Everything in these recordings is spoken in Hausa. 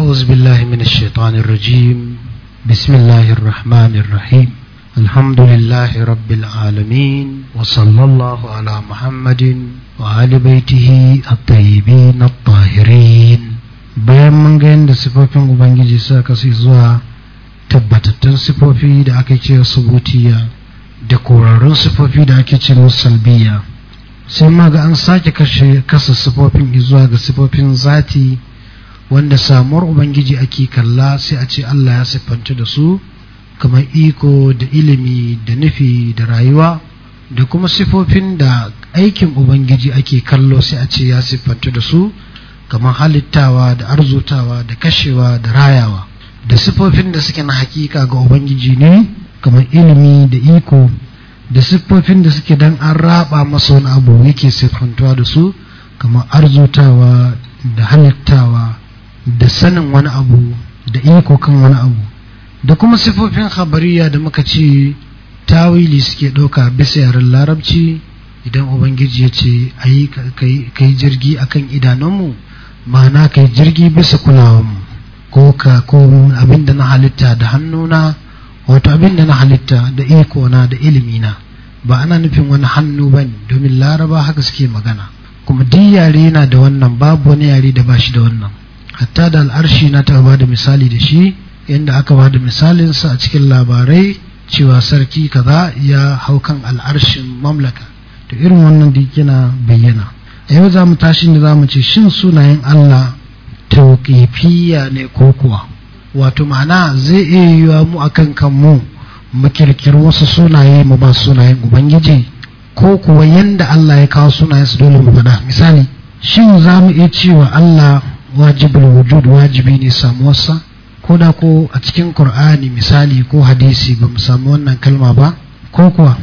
أعوذ بالله من الشيطان الرجيم بسم الله الرحمن الرحيم الحمد لله رب العالمين وصلى الله على محمد وآل بيته الطيبين الطاهرين bayan mun ga yadda sifofin ubangiji suka kasu zuwa tabbatattun sifofi da aka ce subutiya da korarrun sifofi da ake ce musalbiya sai ma ga an sake kashe kasa sifofin zuwa ga sifofin zati wanda samuwar ubangiji ake kalla sai a ce Allah ya siffanta da su kamar iko da ilimi da nufi da rayuwa da kuma sifofin da aikin ubangiji ake kallo sai a ce ya siffanta da su kamar halittawa da arzutawa da kashewa da rayawa da sifofin da suke na hakika ga ubangiji ne kamar ilimi da iko da sifofin da suke dan an raba masa wani abu yake siffantuwa da su kamar arzutawa da halittawa da sanin wani abu da iko kan wani abu da kuma sifofin habariya da muka ce tawili suke ɗauka bisa yaren larabci idan ubangiji ya ce a yi ka yi jirgi akan idanunmu ma'ana ka yi jirgi bisa kulawanmu ko ka ko abin da na halitta da hannuna wato abin da na halitta da iko na da ilimina ba ana nufin wani hannu ba ne domin laraba haka suke magana kuma duk yare yana da wannan babu wani yare da ba shi da wannan hatta da al'arshi na ta ba da misali da shi yanda aka ba da misalinsa a cikin labarai cewa sarki kaza ya hau kan al'arshin mamlaka to irin wannan duk yana bayyana a yau za mu tashi ne za mu ce shin sunayen Allah tauƙifiya ne ko kuwa wato ma'ana zai iya yiwa mu akan kanmu mu kirkiri wasu sunaye mu ba sunayen ubangiji ko kuwa yanda Allah ya kawo sunayen su dole mu faɗa misali shin za mu iya cewa Allah wajibul wujud wajibi ne samuwarsa ko da ko a cikin qur'ani misali ko hadisi ba mu samu wannan kalma ba ko kuwa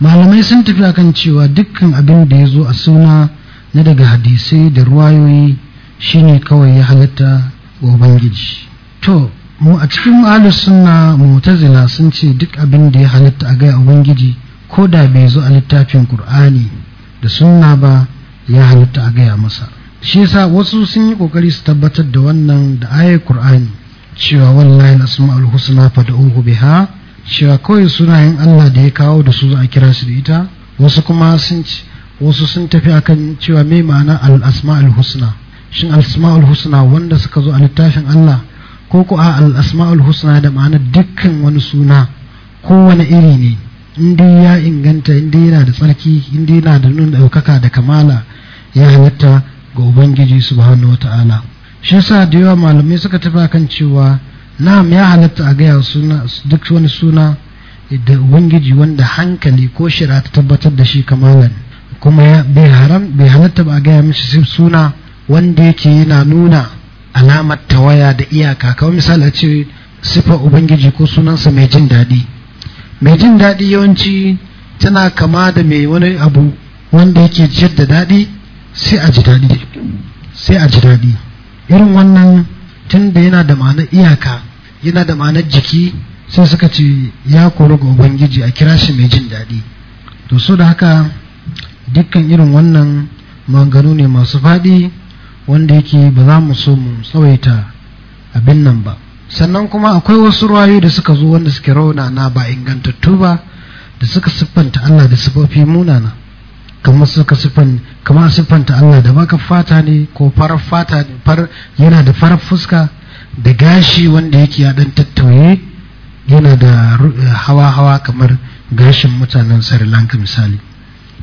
malamai sun tafi akan cewa dukkan abin da ya zo a suna na daga hadisai da ruwayoyi shine kawai ya halatta wa ubangiji to mu a cikin ahlus sunna mu'tazila sun ce duk abin da ya halatta a gaya ubangiji ko da bai zo a littafin qur'ani da sunna ba ya halatta a gaya masa shi yasa wasu sun yi kokari su tabbatar da wannan da ayar qur'ani cewa wallahi asma'ul husna fad'uhu biha cewa kawai sunayen Allah da ya kawo da su za a kira su da ita wasu kuma sun wasu sun tafi akan cewa mai ma'ana al-asma'ul husna shin al-asma'ul husna wanda suka zo a littafin Allah ko ko a al-asma'ul husna da ma'ana dukkan wani suna kowane iri ne inda ya inganta inda yana da tsarki inda yana da nuna daukaka da kamala ya halatta ga ubangiji wa ta'ala shi sa da yawa malamai suka tafi kan cewa na'am ya halatta a gaya suna duk wani suna da ubangiji wanda hankali ko shira ta tabbatar da shi kamalan kuma bai haram bai halatta ba a gaya mishi suna wanda yake yana nuna alamar tawaya da iyaka kawai misali a ce sifa ubangiji ko sunansa mai jin daɗi mai jin daɗi yawanci tana kama da mai wani abu wanda yake jiyar da daɗi sai a ji daɗi sai a ji daɗi irin wannan tun da yana da ma'anar iyaka yana da ma'anar jiki sai suka ce ya kori ga ubangiji a kira shi mai jin daɗi to so da haka dukkan irin wannan maganu ne masu faɗi wanda yake ba za mu so mu tsawaita abin nan ba sannan kuma akwai wasu ruwayoyi da suka zo wanda suke rauna na ba ingantattu ba da suka siffanta Allah da sifofi munana kamar suka siffan kamar siffanta Allah da baka fata ne ko farar fata ne far yana da farar fuska da gashi wanda yake ya dan tattauye yana da hawa-hawa kamar gashin mutanen Sri Lanka misali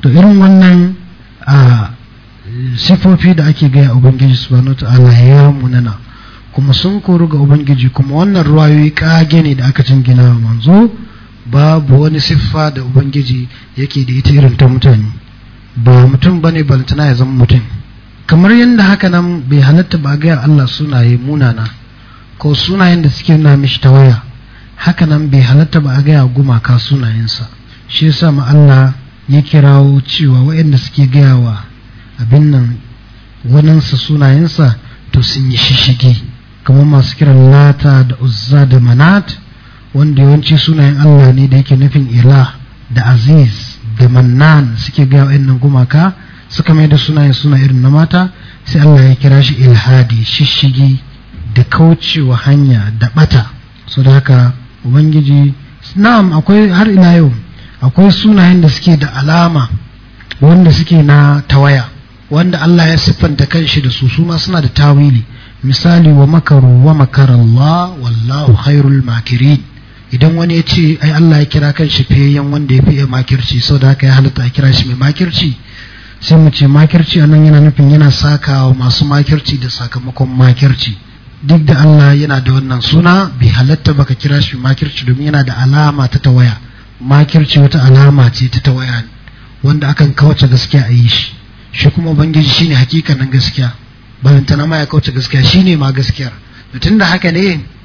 to irin wannan a sifofi da ake gaya ubangiji subhanahu ta'ala ya munana kuma sun koru ga ubangiji kuma wannan ruwayoyi kage ne da aka jingina manzo babu wani siffa da ubangiji yake da ita irin ta mutane ba mutum ba ne balantana ya zama mutum kamar yadda haka nan bai halatta ba gaya Allah sunaye munana ko sunayen da suke na mishi ta waya haka nan bai halatta ba a gaya gumaka sunayensa shi yasa ma Allah ya kirawo cewa waɗanda suke gaya wa abin nan waninsa sunayensa to sun yi shishige kamar masu kiran lata da uzza da manat wanda yawanci sunayen Allah ne da yake nufin ila da aziz da mannan suke ga wa'annan gumaka suka mai da sunaye suna irin na mata sai Allah ya kira shi ilhadi shishigi da kaucewa hanya da bata so da haka ubangiji na'am akwai har ina yau akwai sunayen da suke da alama wanda suke na tawaya wanda Allah ya siffanta kanshi da su su ma suna da tawili misali wa makaru wa makarallah wallahu khairul makirin idan wani ya ce ai Allah ya kira kan shi fiyayyen wanda ya fiye makirci sau da haka ya halatta a kira shi mai makirci sai mu ce makirci anan yana nufin yana saka masu makirci da sakamakon makirci duk da Allah yana da wannan suna bai halatta baka kira shi makirci domin yana da alama ta tawaya makirci wata alama ce ta tawaya wanda akan kawace gaskiya a yi shi shi kuma ubangiji shine hakikanin gaskiya balantana ma ya kauce gaskiya shine ma gaskiyar tun da haka ne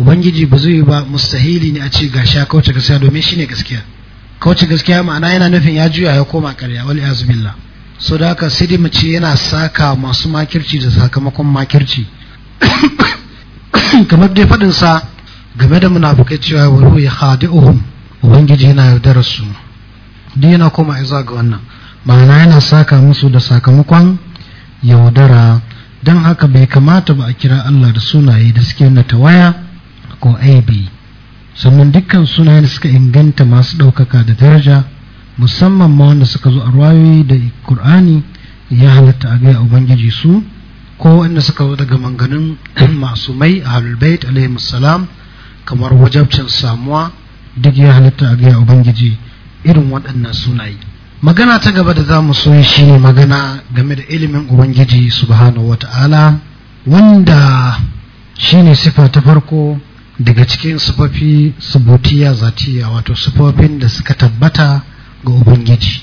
ubangiji ba zai ba mustahili ne a ce ga ya kauce gaskiya domin shine gaskiya kauce gaskiya ma'ana yana nufin ya juya ya koma karya wal iyaz billah so da haka sai mu ce yana saka masu makirci da sakamakon makirci kamar dai fadin sa game da munafikai cewa wa ruhi khadi'uhum ubangiji yana yaudarar su duk yana koma izuwa ga wannan ma'ana yana saka musu da sakamakon yaudara don haka bai kamata ba a kira Allah da sunaye da suke na tawaya ko aibi sannan dukkan da suka inganta masu ɗaukaka da daraja musamman ma wanda suka zo a rayoyi da kur'ani ya halatta a gaya ubangiji su ko wanda suka zo daga manganin masu mai a halbait alaihi salam kamar wajabcin samuwa duk ya halatta a gaya ubangiji irin waɗannan sunaye magana ta gaba da za mu so shi ne magana game da ilimin ubangiji subhanahu wata'ala wanda shine ne sifa ta farko daga cikin sufafi subutiya zatiya wato sufofin da suka tabbata ga ubangiji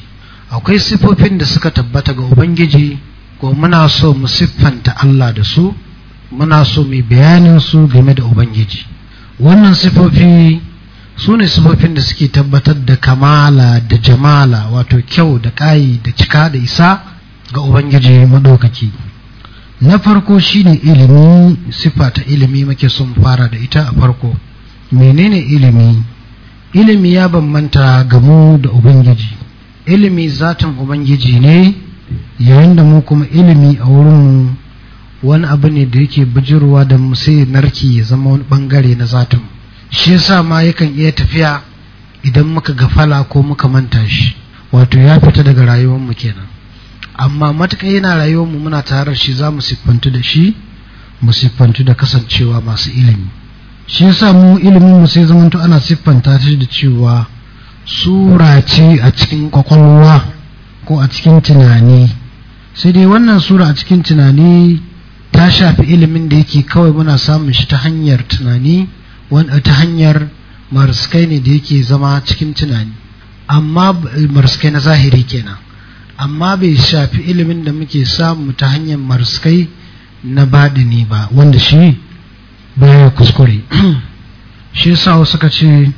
akwai sifofin da suka tabbata ga ubangiji ko muna so mu siffanta Allah da su muna so mu bayanin su game da ubangiji wannan sifofi su ne sifofin da suke tabbatar da kamala da jamala wato kyau da ƙayi da cika da isa ga ubangiji madaukaki. na farko shine ilimi sifa ta ilimi muke son fara da ita a farko menene ilimi ilimi ya bambanta ga mu da ubangiji ilimi zatan ubangiji ne yayin da mu kuma ilimi a wurin wani abu ne da yake bijirwa da mu sai narki ya zama wani bangare na zatan shi yasa ma yakan iya tafiya idan muka gafala ko muka manta shi wato ya fita daga rayuwar mu kenan amma matuƙa yana rayuwar mu muna tare shi za mu siffantu da shi mu siffantu da kasancewa masu ilimi shi yasa mu ilimin mu sai zamanto ana siffanta shi da cewa sura ce a cikin kwakwalwa ko a cikin tunani sai dai wannan sura a cikin tunani ta shafi ilimin da yake kawai muna samun shi ta hanyar tunani ta hanyar mariskai ne da yake zama cikin tunani amma marskai na zahiri kenan amma bai shafi ilimin da muke samu ta hanyar marskai na baɗini ba wanda shi baya kuskure shi sa ka ce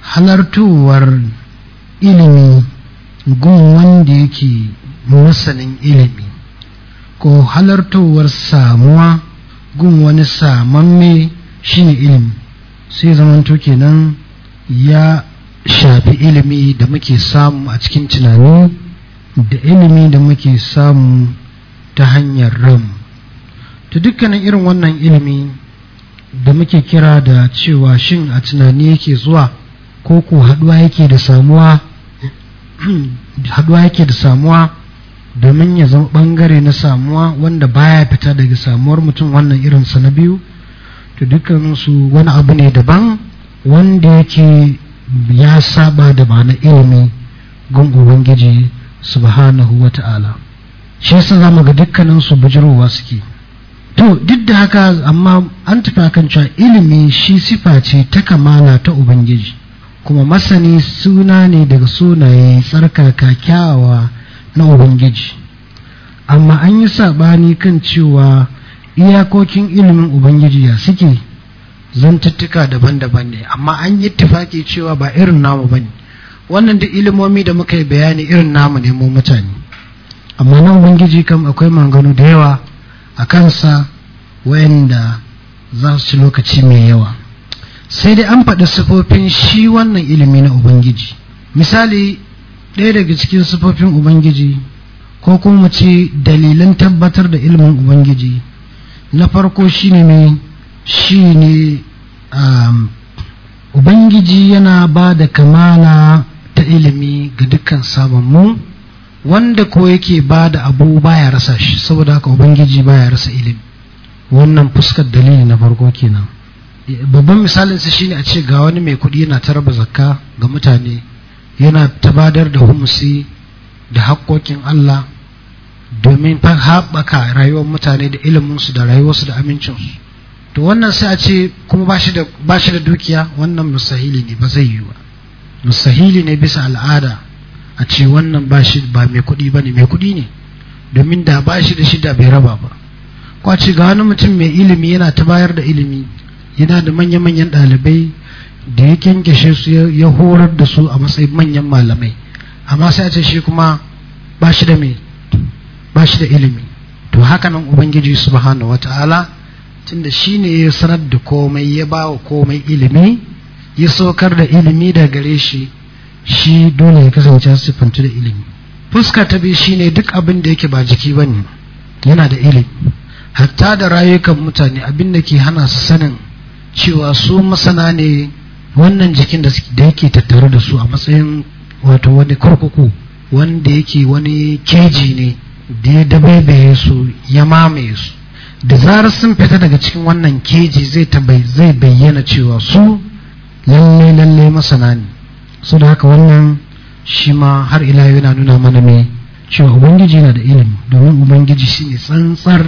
halartowar ilimi gun wanda yake masanin ilimi ko halartowar samuwa gun wani samamme ne ilimi sai zamanto kenan ya shafi ilimi da muke samu a cikin tunani da ilimi da muke samu ta hanyar ram ta dukkanin irin wannan ilimi da muke kira da cewa shin a tunani yake zuwa ko ko haduwa yake da samuwa haduwa yake da samuwa domin ya zama bangare na samuwa wanda baya fita daga samuwar mutum wannan irinsa na biyu to dukkaninsu wani abu ne daban wanda yake ya saba da ma'ana ilimi gun ubangiji subhanahu wa ta'ala shi yasa za ga dukkanin su bujirowa suke to duk da haka amma an tafi kan cewa ilimi shi sifa ce ta kamala ta ubangiji kuma masani suna ne daga sunaye tsarkaka kyawawa na ubangiji amma an yi saɓani kan cewa iyakokin ilimin ubangiji ya suke zantattuka daban-daban ne amma an yi tufaki cewa ba irin namu ba ne wannan duk ilimomi da muka yi bayani irin namu ne mu mutane amma nan ubangiji kam akwai manganu da yawa a kansa wayanda za su ci lokaci mai yawa sai dai an faɗi sifofin shi wannan ilimi na ubangiji misali ɗaya daga cikin sifofin ubangiji ko kuma mu ce dalilan tabbatar da ilimin ubangiji na farko shi ne shi ne. Um, ubangiji yana ba da kamana. ta ilimi ga dukkan sabonmu wanda ko yake ba da abu baya rasa shi saboda haka ubangiji baya rasa ilimi wannan fuskar dalili na farko kenan babban misalin sa shine a ce ga wani mai kuɗi yana taraba zakka ga mutane yana tabadar da humusi da haƙƙoƙin Allah domin haɓaka rayuwar mutane da iliminsu da rayuwarsu da amincinsu to wannan sai a ce kuma ba shi da dukiya wannan musahili ne ba zai yi ba mustahili ne bisa al'ada a ce wannan ba shi ba mai kuɗi ba ne mai kuɗi ne domin da ba shi da shi da bai raba ba kwace ga wani mutum mai ilimi yana ta bayar da ilimi yana da manya-manyan ɗalibai da ya kyankyashe su ya horar da su a matsayin manyan malamai amma sai a ce shi kuma ba shi da mai ba shi da ilimi to haka nan ubangiji subhanahu wata'ala tunda shi ne ya sanar da komai ya ba wa komai ilimi ya saukar da ilimi da gare shi shi dole ya kasance siffantu da ilimi fuska ta biyu shine duk abin da yake ba jiki ba ne. yana da ilimi hatta da rayukan mutane abin da ke hana su sanin cewa su masana ne wannan jikin da yake tattare da su a matsayin wato wani kurkuku wanda yake wani keji ne da ya dabaibaye su ya mamaye su da zarar sun fita daga cikin wannan keji zai bayyana cewa su lalle lalle masana ne su da haka wannan shi ma har ila yana nuna mana mai cewa ubangiji yana da ilimi domin ubangiji shi ne tsantsar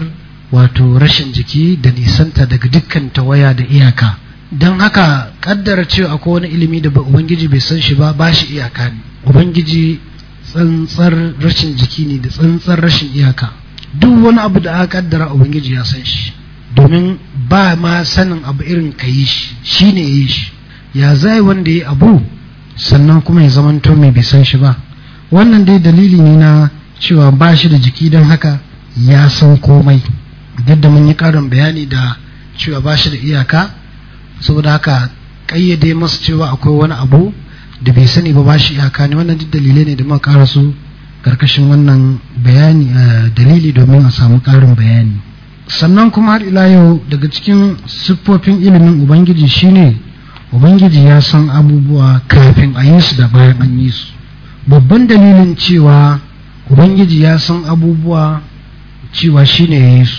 wato rashin jiki da nisanta daga dukkan tawaya da iyaka don haka kaddara cewa akwai wani ilimi da ubangiji bai san shi ba ba shi iyaka ne ubangiji tsantsar rashin jiki ne da tsantsar rashin iyaka duk wani abu da aka kaddara ubangiji ya san shi domin ba ma sanin abu irin ka yi shi shi shine yi shi ya zai wanda ya abu sannan kuma ya zamanto mai bai san shi ba wannan dai dalili ne na cewa ba shi da jiki don haka ya san komai duk da mun yi karin bayani da cewa ba shi da iyaka saboda haka kayyade masa cewa akwai wani abu da bai sani ba ba shi iyaka ne wannan duk dalilai ne da muka kara su karkashin wannan bayani eh, dalili domin a samu karin bayani sannan kuma har ila yau daga cikin siffofin ilimin ubangiji shine ubangiji ya san abubuwa kafin a yi su da bayan an yi su babban dalilin cewa ubangiji ya san abubuwa cewa shine ya yi su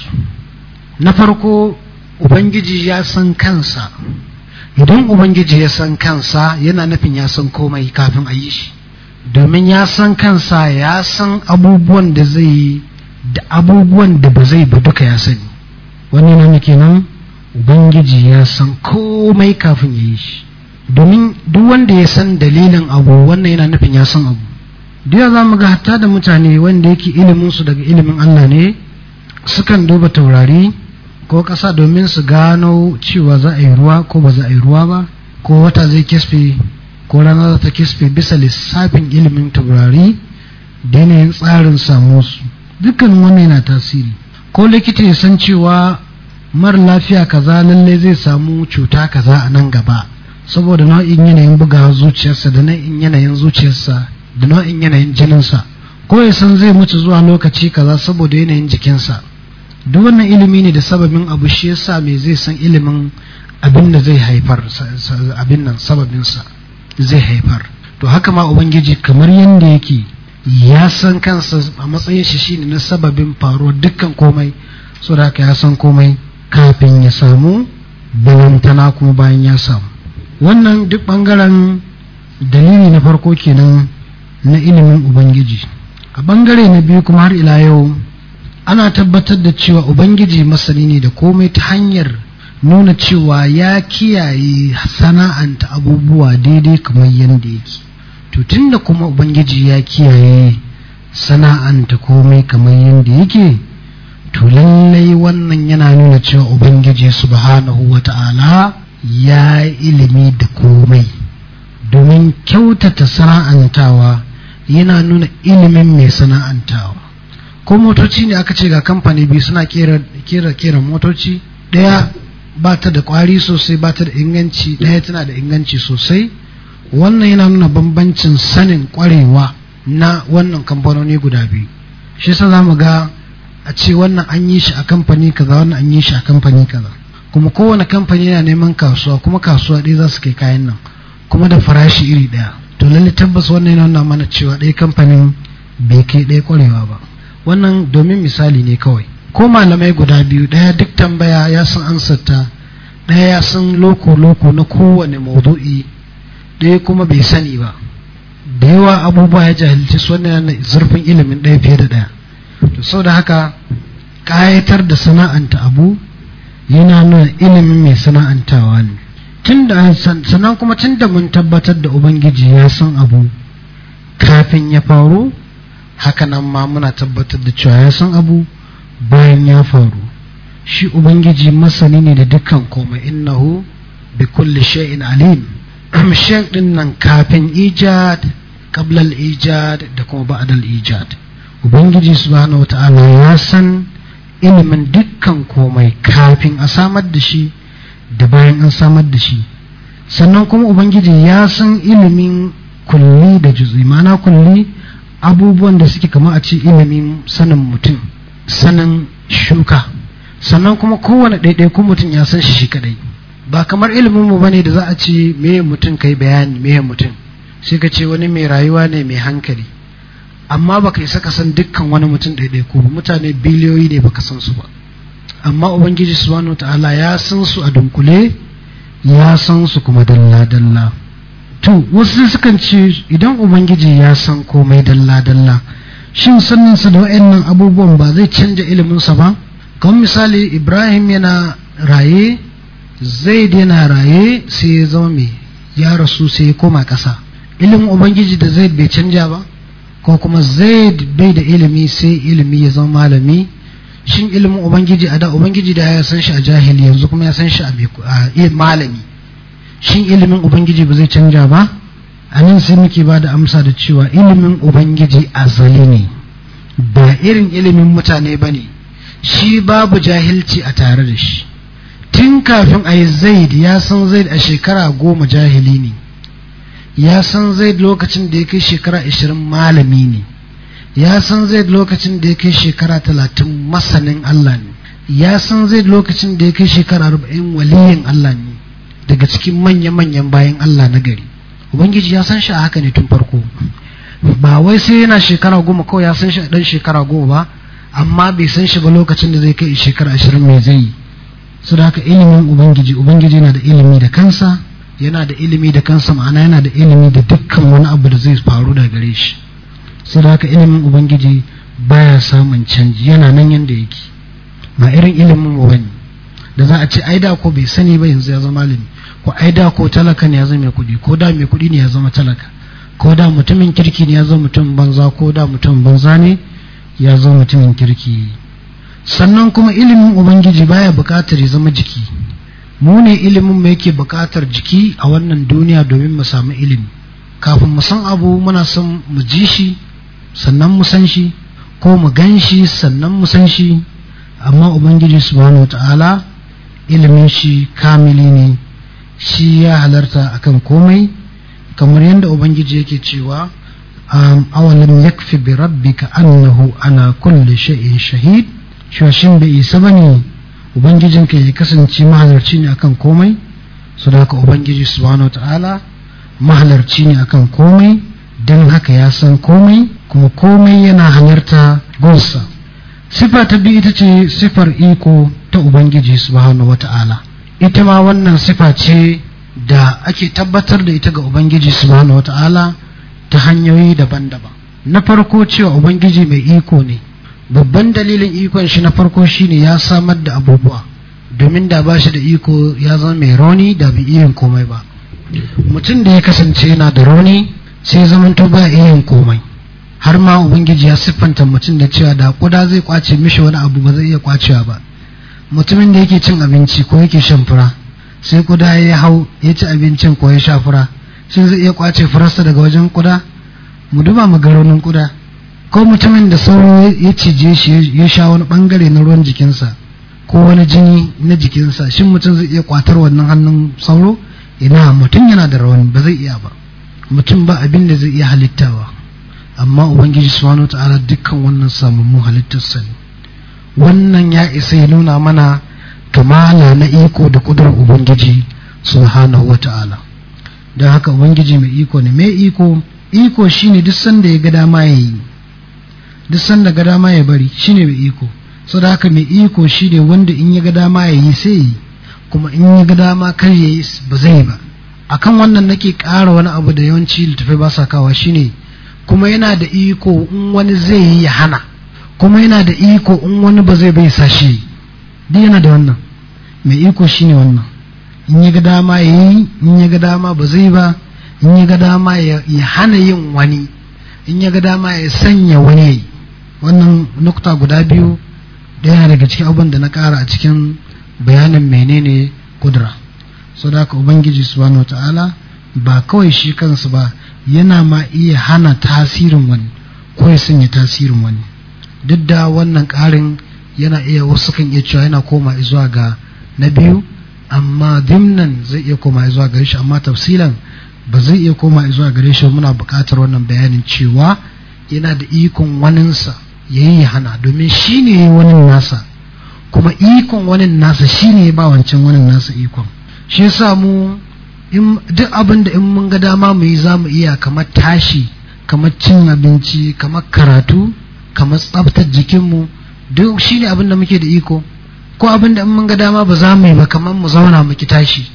na farko ubangiji ya san kansa idan ubangiji ya san kansa yana nufin ya san komai kafin a yi shi domin ya san kansa ya san abubuwan da zai yi da abubuwan da ba zai ba duka ya sani wani na kenan ubangiji ya san komai kafin ya yi shi domin duk wanda ya san dalilin abu wannan yana nufin ya san abu da za mu ga hatta da mutane wanda yake ilimin su daga ilimin Allah ne sukan duba taurari ko ƙasa domin su gano cewa za a yi ruwa ko ba za a yi ruwa ba ko wata zai kisfe ko rana za ta kisfe bisa lissafin ilimin taurari da yanayin tsarin samu su dukkan wannan yana tasiri ko likita ya san cewa mara lafiya kaza lalle zai samu cuta kaza a nan gaba saboda nau'in yanayin buga zuciyarsa da nau'in yanayin zuciyarsa da nau'in yanayin jininsa ko ya san zai mutu zuwa lokaci kaza saboda yanayin jikinsa duk wannan ilimi ne da sababin abu shi yasa me zai san ilimin abin da zai haifar abin nan sababinsa zai haifar to haka ma ubangiji kamar yadda yake ya san kansa a matsayin shi shine na sababin faruwar dukkan komai saboda haka ya san komai kafin ya samu balantana kuma bayan ya samu wannan duk ɓangaren dalili na farko kenan na ilimin ubangiji a ɓangare na biyu kuma har ila yau ana tabbatar da cewa ubangiji masani ne da komai ta hanyar nuna cewa ya kiyaye sana'anta abubuwa daidai kamar yadda yake to tunda kuma ubangiji ya kiyaye sana'anta komai kamar yadda yake to lallai wannan yana nuna cewa ubangiji subhanahu wa ta'ala ya ilimi da komai domin kyautata sana'antawa yana nuna ilimin mai sana'antawa ko motoci ne aka ce ga kamfani biyu suna kera kera motoci ɗaya ba ta da ƙwari sosai ba ta da inganci ɗaya tana da inganci sosai wannan yana nuna bambancin sanin ƙwarewa na wannan kamfanoni guda biyu shi sa za mu ga a ce wannan an yi shi a kamfani kaza wannan an yi shi a kamfani kaza kuma kowane kamfani yana neman kasuwa kuma kasuwa ɗaya za su kai kayan nan kuma da farashi iri ɗaya to lalle tabbas wannan yana nuna mana cewa ɗaya kamfanin bai kai ɗaya ƙwarewa ba wannan domin misali ne kawai ko malamai guda biyu ɗaya duk tambaya ya san ta ɗaya ya san loko-loko na kowane maudu'i ɗaya kuma bai sani ba da yawa abubuwa ya jahilci su wannan zurfin ilimin ɗaya fiye da ɗaya to sau da haka ƙayatar da sana'anta abu yana nuna ilimin mai sana'antawa ne sannan kuma tun da mun tabbatar da ubangiji ya san abu kafin ya faru hakanan ma muna tabbatar da cewa ya san abu bayan ya faru shi ubangiji masani ne da dukkan komai innahu bi kulli shay'in alim amshin din nan kafin ijad qabla al ijad da kuma ba'adal al ijad ubangiji subhanahu ta'ala ya san ilimin dukkan komai kafin a samar da shi da bayan an samar da shi sannan kuma ubangiji ya san ilimin kulli da juzi mana kulli abubuwan da suke kama a ce ilimin sanin mutum sanin shuka sannan kuma kowane ɗaiɗaikun mutum ya san shi shi kadai ba kamar ilimin mu bane da za a ce meye mutum kai bayani meye mutum sai ka ce wani mai rayuwa ne mai hankali amma baka isa ka san dukkan wani mutum ɗaiɗai ko mutane biliyoyi ne baka san su ba amma ubangiji subhanahu ta'ala ya san su a dunkule ya san su kuma dalla dalla to wasu sukan ce idan ubangiji ya san komai dalla dalla shin sanninsa da wa'annan abubuwan ba zai canja sa ba kamar misali ibrahim yana raye Zaid yana raye sai ya zama mai ya rasu sai ya koma ƙasa ilimin ubangiji da Zaid bai canja ba ko kuma zaid bai da ilimi sai ilimi ya zama malami shin ilimin ubangiji a da ubangiji da ya san shi a jahili yanzu kuma ya san shi a malami shin ilimin ubangiji ba zai canja ba a nan sai muke ba da amsa da cewa ilimin ubangiji azali ne ba irin ilimin mutane ba ne shi babu jahilci a tare da shi tun kafin a yi zaid ya san zaid a shekara goma jahili ne ya san zai lokacin da ya kai shekara 20 malami ne ya san zai lokacin da ya kai shekara talatin masanin Allah ne ya san zai lokacin da ya kai shekara arba'in waliyin Allah ne daga cikin manya-manyan bayan Allah na gari ubangiji ya san shi a haka ne tun farko ba wai sai yana shekara goma kawai ya san shi a ɗan shekara goma ba amma bai san shi ba lokacin da zai kai shekara ashirin mai zai yi su da haka ilimin ubangiji ubangiji na da ilimi da kansa yana da ilimi da kansa ma'ana yana da ilimi da dukkan wani abu da zai faru da gare shi sai da haka ilimin ubangiji baya samun canji yana nan yanda yake ma irin ilimin wani da za a ce ai da ko bai sani ba yanzu ya zama malami ko ai da ko talaka ne ya zama mai kuɗi ko da mai kuɗi ne ya zama talaka ko da mutumin kirki ne ya zama mutum banza ko da mutum banza ne ya zama mutumin kirki sannan kuma ilimin ubangiji baya bukatar ya zama jiki mu ne ilimin mu yake buƙatar jiki a wannan duniya domin mu samu ilimi kafin mu san abu muna son mu ji shi sannan mu san shi ko mu gan shi sannan mu san shi amma ubangiji subhanahu ta'ala ilimin shi kamili ne shi ya halarta akan komai kamar yadda ubangiji yake cewa awalam yakfi bi rabbika annahu ana kulli shay'in shahid shashin bai isa bane ubangijinka ya kasance mahalarci ne akan komai su da haka ubangiji subhanahu ta'ala mahalarci ne akan komai don haka ya san komai kuma komai yana hanyarta gonsa sifa ta biyu ita ce sifar iko ta ubangiji subhanahu ta'ala ita ma wannan sifa ce da ake tabbatar da ita ga ubangiji subhanahu ta'ala ta hanyoyi daban-daban na farko cewa ubangiji mai iko ne babban dalilin ikon shi na farko shine ya samar da abubuwa domin da ba shi da iko ya zama mai rauni da bi iyin komai ba mutum da ya kasance yana da rauni sai to ba iyin komai har ma ubangiji ya siffanta mutum da cewa da kuda zai kwace mishi wani abu ba zai iya kwacewa ba mutumin da yake cin abinci ko yake shan fura sai kuda ya hau ya ci abincin ko ya sha fura shin zai iya kwace furarsa daga wajen kuda mu duba mu ga raunin kuda ko mutumin da sauro ya cije shi ya sha wani bangare na ruwan jikinsa ko wani jini na jikinsa shin mutum zai iya kwatar wannan hannun sauro ina mutum yana da rawan ba zai iya ba mutum ba abin da zai iya halittawa amma ubangiji subhanahu ta'ala dukkan wannan samammu halittarsa ne wannan ya isa ya nuna mana kamala na iko da kudur ubangiji subhanahu wa ta'ala don haka ubangiji mai iko ne mai iko iko shine duk sanda ya ga dama yayi duk sanda ga dama ya bari shine mai iko saboda haka mai iko shine wanda in ya ga dama ya yi sai yi kuma in ya ga dama kar ya yi ba zai ba akan wannan nake ƙara wani abu da yawanci littafai ba sa kawa shine kuma yana da iko in wani zai yi ya hana kuma yana da iko in wani ba zai bai sa shi duk yana da wannan mai iko shine wannan in ya ga dama ya yi in ya ga dama ba zai ba in ya ga dama ya hana yin wani in ya ga dama ya sanya wani ya yi wannan nukta guda biyu da yana daga cikin abin da na ƙara a cikin bayanin menene kudura so da haka ubangiji subhanahu ta'ala ba kawai shi kansu ba yana ma iya hana tasirin wani ko ya sanya tasirin wani duk da wannan ƙarin yana iya wasu kan iya cewa yana koma zuwa ga na biyu amma dimnan zai iya koma zuwa gare shi amma tafsilan ba zai iya koma zuwa gare shi muna buƙatar wannan bayanin cewa yana da ikon waninsa ya yi hana domin shi ne wani nasa kuma ikon wani nasa shi ne ba wancan wani nasa ikon shi yasa mu duk abin da in mun ga dama mu yi za mu iya kamar tashi kamar cin abinci kamar karatu kamar tsabtar jikinmu duk shi ne abin da muke da iko ko abin da in mun ga dama ba za mu yi ba kamar mu zauna mu ki tashi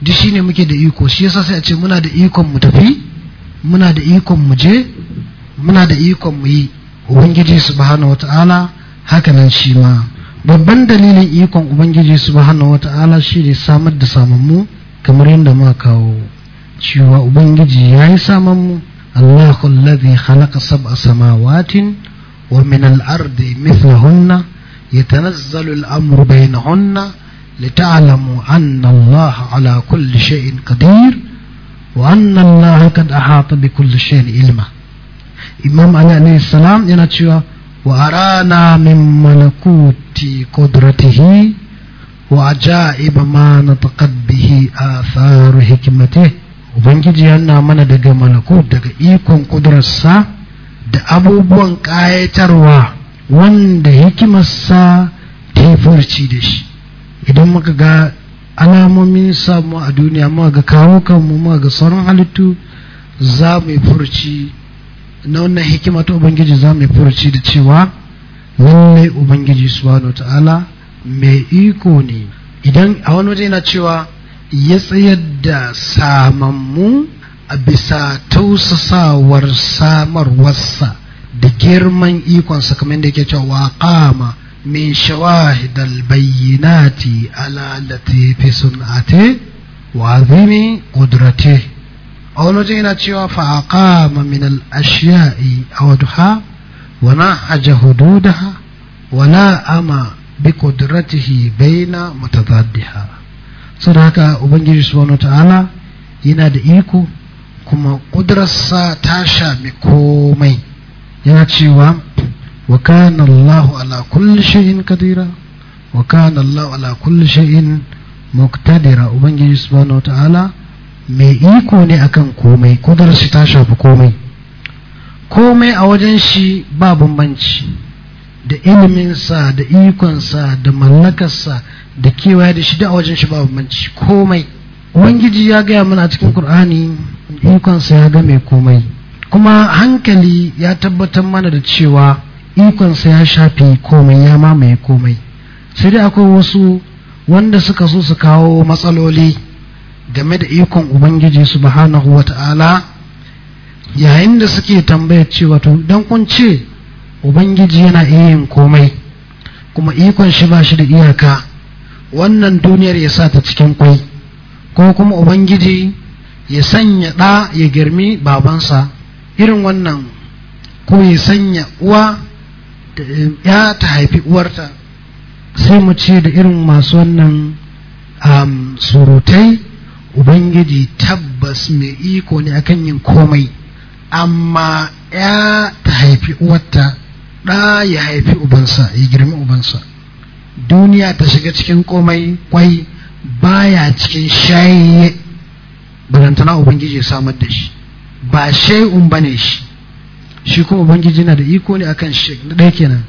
duk shi ne muke da iko shi yasa sai a ce muna da ikon mu tafi muna da ikon mu je muna da ikon mu yi ubangiji subhanahu wata'ala haka nan shi ma babban dalilin ikon ubangiji subhanahu wata'ala shi ne samar da samammu kamar yadda muka kawo cewa ubangiji ya yi samammu allahu alladhi khalaqa sab'a samawatin wa min al-ardi mithlahunna yatanazzalu al-amru bainahunna لتعلموا أن الله على كل شيء قدير وأن الله قد أحاط بكل شيء علمه imam ali alaihi salam yana cewa wa arana min malakuti qudratihi wa ajaib ma nataqad bihi athar hikmatihi ubangiji yana mana daga malakut daga ikon kudrarsa da abubuwan kayatarwa wanda hikimar hikimarsa ta yi furci da shi idan muka ga alamomin samu a duniya muka ga kawukan mu muka ga sauran halittu za mu furci na wannan hikima ta ubangiji za mu furci da cewa lallai ubangiji subhanahu ta'ala mai iko ne idan a wani waje yana cewa ya tsayar da samammu a bisa tausasawar samarwarsa da girman ikonsa kamar da yake cewa kama min shawahidal bayyinati ala latifin sun'ati wa azimi qudratihi أولو جينا تشيوا فأقام من الأشياء أودها ونعج حدودها ولا أما بقدرته بين متضادها صدقاء أبنجي سبحانه وتعالى يناد إيكو كما قدرسا تاشا مكومي يناد تشيوا وكان الله على كل شيء قدير وكان الله على كل شيء مقتدر أبنجي سبحانه وتعالى mai iko ne akan komai kudurar shi ta shafi komai komai a wajen shi ba bambanci da iliminsa da ikonsa da mallakarsa da kewaye da shi da a wajen shi ba bambanci komai ubangiji ya gaya mana a cikin kur'ani ikonsa ya ga mai komai kuma hankali ya tabbatar mana da cewa ikonsa ya shafi komai ya mamaye komai sai dai akwai wasu wanda suka so su kawo matsaloli game da ikon ubangiji subhanahu wata'ala yayin da suke tambayar cewa to dan kun ce ubangiji yana iya yin komai kuma ikon shi ba shi da iyaka wannan duniyar ya sa ta cikin kwai ko kuma ubangiji ya sanya ɗa ya girmi babansa irin wannan ko ya sanya uwa ya ta haifi uwarta sai mu ce da irin masu wannan surutai ubangiji tabbas mai iko ne akan yin komai amma ya ta haifi uwarta ɗa ya haifi ubansa ya girma ubansa duniya ta shiga cikin komai kwai baya cikin shayi barantana ubangiji ya samar da shi ba ba ne shi shi kuma ubangiji na da iko ne akan shi na ɗaya kenan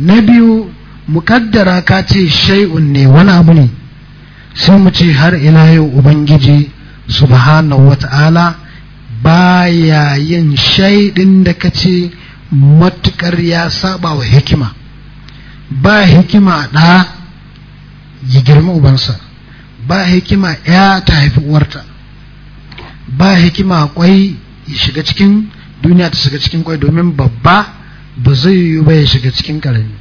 na biyu mukaddara ka ce shai'un ne wani abu ne sai mu ce har ina yau ubangiji subhanahu wata'ala ya yin shaidin da ka ce matukar ya saba wa hikima ba hikima ɗa ya girma ubansa ba hikima ya ta haifi uwarta ba hikima kwai ya shiga cikin duniya ta shiga cikin kwai domin babba ba zai yiwu ba ya shiga cikin karami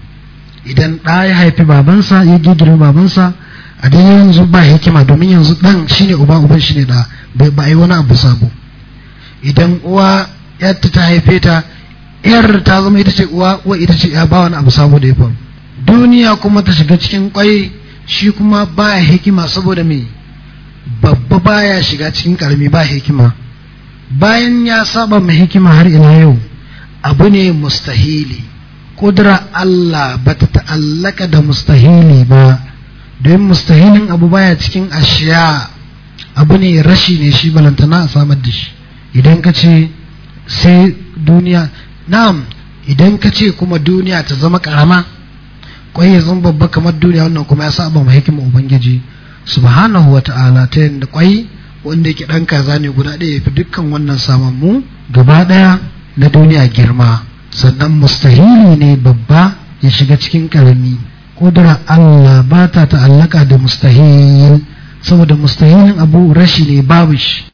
idan ɗa ya haifi babansa ya girma babansa a dai yanzu ba hikima domin yanzu dan shine uba uban shine da bai ba wani abu sabo idan uwa yarta ta haife ta yar ta zama ita ce uwa uwa ita ce ya ba wani abu sabo da ya duniya kuma ta shiga cikin kwai shi kuma ba hikima saboda me babba baya shiga cikin karami ba hikima bayan ya saba mai hikima har ina yau abu ne mustahili kudura Allah bata ta'allaka da mustahili ba don mustahilin abu baya cikin ashiya abu ne rashi ne shi balantana a samar da shi idan ka ce sai duniya na'am idan ka ce kuma duniya ta zama karama kwai ya zama babba kamar duniya wannan kuma ya saba ma hikima ubangiji subhanahu wa ta'ala ta yadda kwai wanda yake dan kaza ne guda ɗaya ya fi dukkan wannan saman mu gaba ɗaya na duniya girma sannan mustahili ne babba ya shiga cikin karami kudura Allah ba ta ta'allaka da mustahil saboda mustahilin abu rashi ne babu shi